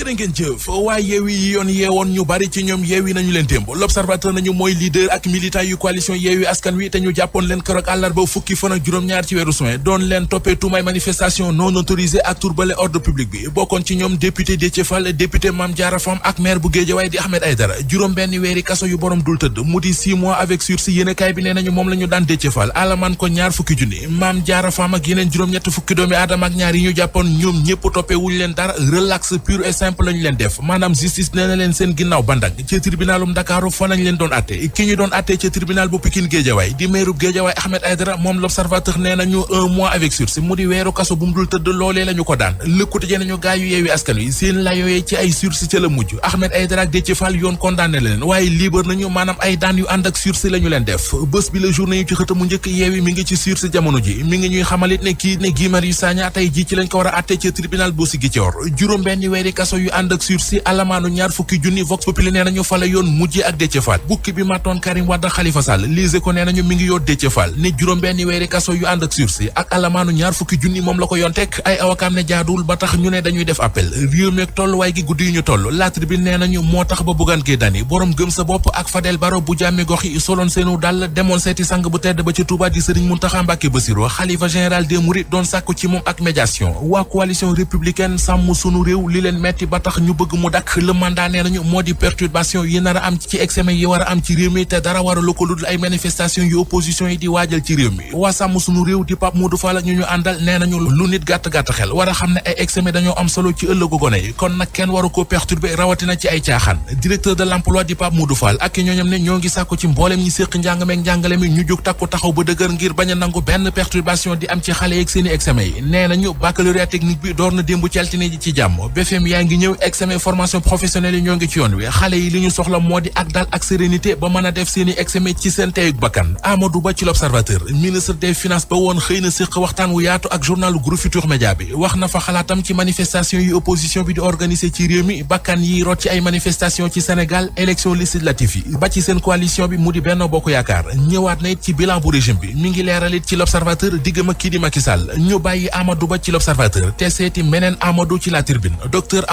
jërë ngeen jëf waaye yeewi yi yoon yeewoon ñu bari ci ñoom yeewi nañu leen démb l'observateur nañu mooy leader ak militant yu coalition yeewi askan wi te ñu jàppoon leen keroog àllarba fukki fan ak juróom-ñaar ci weeru juin doon leen toppee tuumay non autorisée ak turbale ordre public bi bokkoon ci ñoom député Déthié Fall député Mame Diarra Fam ak maire bu Guédiawaye di Ahmed Aïdara juróom benn weeri kaso yu borom dul tëdd mu di six avec sursis la ñu daan Déthié Fall alamaan ko ñaar fukki simple mu di weeru kaso bu mu dul tëdd loolee la ko daan lëkkute nañu gaayu yeewi askan wi seen la ci ay sursis ca la mujj Ahmed Aydara ak Déthié Fall yoon condamné leen waaye libre nañu maanaam ay daan yu ànd ak sursis la ñu leen def bés bi la journée yu ci mu njëkk yeewi mi ngi ci sursis jamono ji mi ngi ñuy xamalit ne kii ne Guy Marius Sagna tey ji ci lañ ko war a atte ci tribunal bu Ziguinchor juróom benn weeri kaso kaso yu ànd ak sursis alamaanu ñaar fukki junni vox populi nee nañu fa la yoon mujje ak Déthié Fall bukki bi matoon Karim Wade Khalifa Sall lise ko nee nañu mi ngi yoo Déthié Fall ne juróom benn weeri kaso yu ànd ak sursis ak alamaanu ñaar fukki junni moom la ko yoon ay awakaam ne jaaduwul ba tax ñu ne dañuy def appel réew meeg tolluwaay gi guddi yu ñu toll La Tribune nee nañu moo tax ba Bougane Gueye Dany gëm sa bopp ak Fadel Barro bu jàmmi gox soloon seenu dal demoon seeti sang bu tedd metti ba tax ñu bëgg mu dakk le mandat nee nañu moo di perturbation yi nar a am ci examen yi war a am ci réew mi te dara war a lu ko dul ay manifestation yu opposition yi di waajal ci réew mi waa sàmm sunu réew di Pape Modou Fall ñu ñu àndal nee nañu lu nit gàtt-gàtt xel war a xam ne ay examen dañoo am solo ci ëllëgu gone yi kon nag kenn waru ko perturber rawatina ci ay caaxaan directeur de l'emploi di Pape Modou Fall ak ñooñam ne ñoo ngi sàkku ci mbooleem ñi séq njàng meek njàngale mi ñu jóg takku taxaw ba dëgër ngir bañ a benn perturbation di am ci xale yeeg seeni examen yi nee nañu baccalauréat technique bi door na démb ci altine ji ci jàmm BFM ngi ñëw examen formation professionnelle yi ñoo ngi ci yoon wi xale yi li ñu soxla moo di ak dal ak sérénité ba mën a def seeni examen ci seen teyug bakkan Amadou Ba ci l'Observateur ministre des finances ba woon xëy na séq waxtaan wu yaatu ak journalu Groupe Futurs Médias bi wax na fa xalaatam ci manifestation yi opposition bi di organiser ci réew mi bakkan yi rot ci ay manifestation ci Sénégal élection législative yi ba ci seen coalition bi mu di Benno Bokk Yaakaar ñëwaat na it ci bilan bu régime mi ngi leeral it ci l'Observateur diggam ak kii di Macky Sall ñu bàyyi Amadou Ba ci l'Observateur te seeti meneen Amadou ci la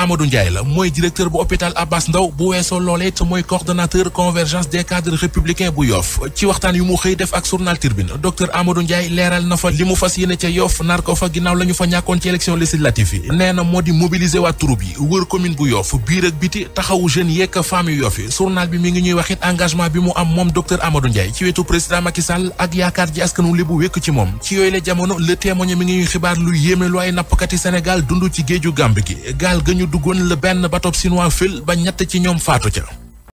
Amadou Ndiaye la mooy directeur bu hôpital Abbas Ndao bu weesoo loolee mooy coordonnateur convergence des cadres républicains bu Yoff ci waxtaan yu mu xëy def ak journal Tribune docteur Amadou Ndiaye leeral na fa li mu fas yéene ca Yoff nar ko fa ginnaaw la fa ñàkkoon ci élection législative yi nee moo di mobiliser waa yi wër commune bu Yoff biir ak biti taxawu jeunes yeeg femmes yu Yoff yi journal bi mi ngi ñuy wax engagement bi mu am moom Amadou Ndiaye ci wetu duggoon la benn bateau chinois fil ba ñett ci ñoom faatu ca